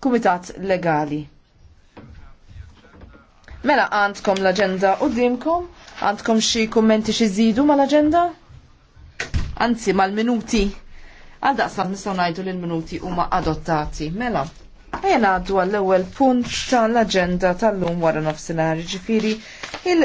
kumitat legali. Mela għandkom l-agenda u dimkom, għandkom xie kommenti xie zidu mal-agenda? Anzi, mal-minuti. Għalda daqsan nistaw najdu li l-minuti huma adottati. Mela, għajna għaddu għall-ewel punt tal-agenda tal-lum wara nofsinari ġifiri il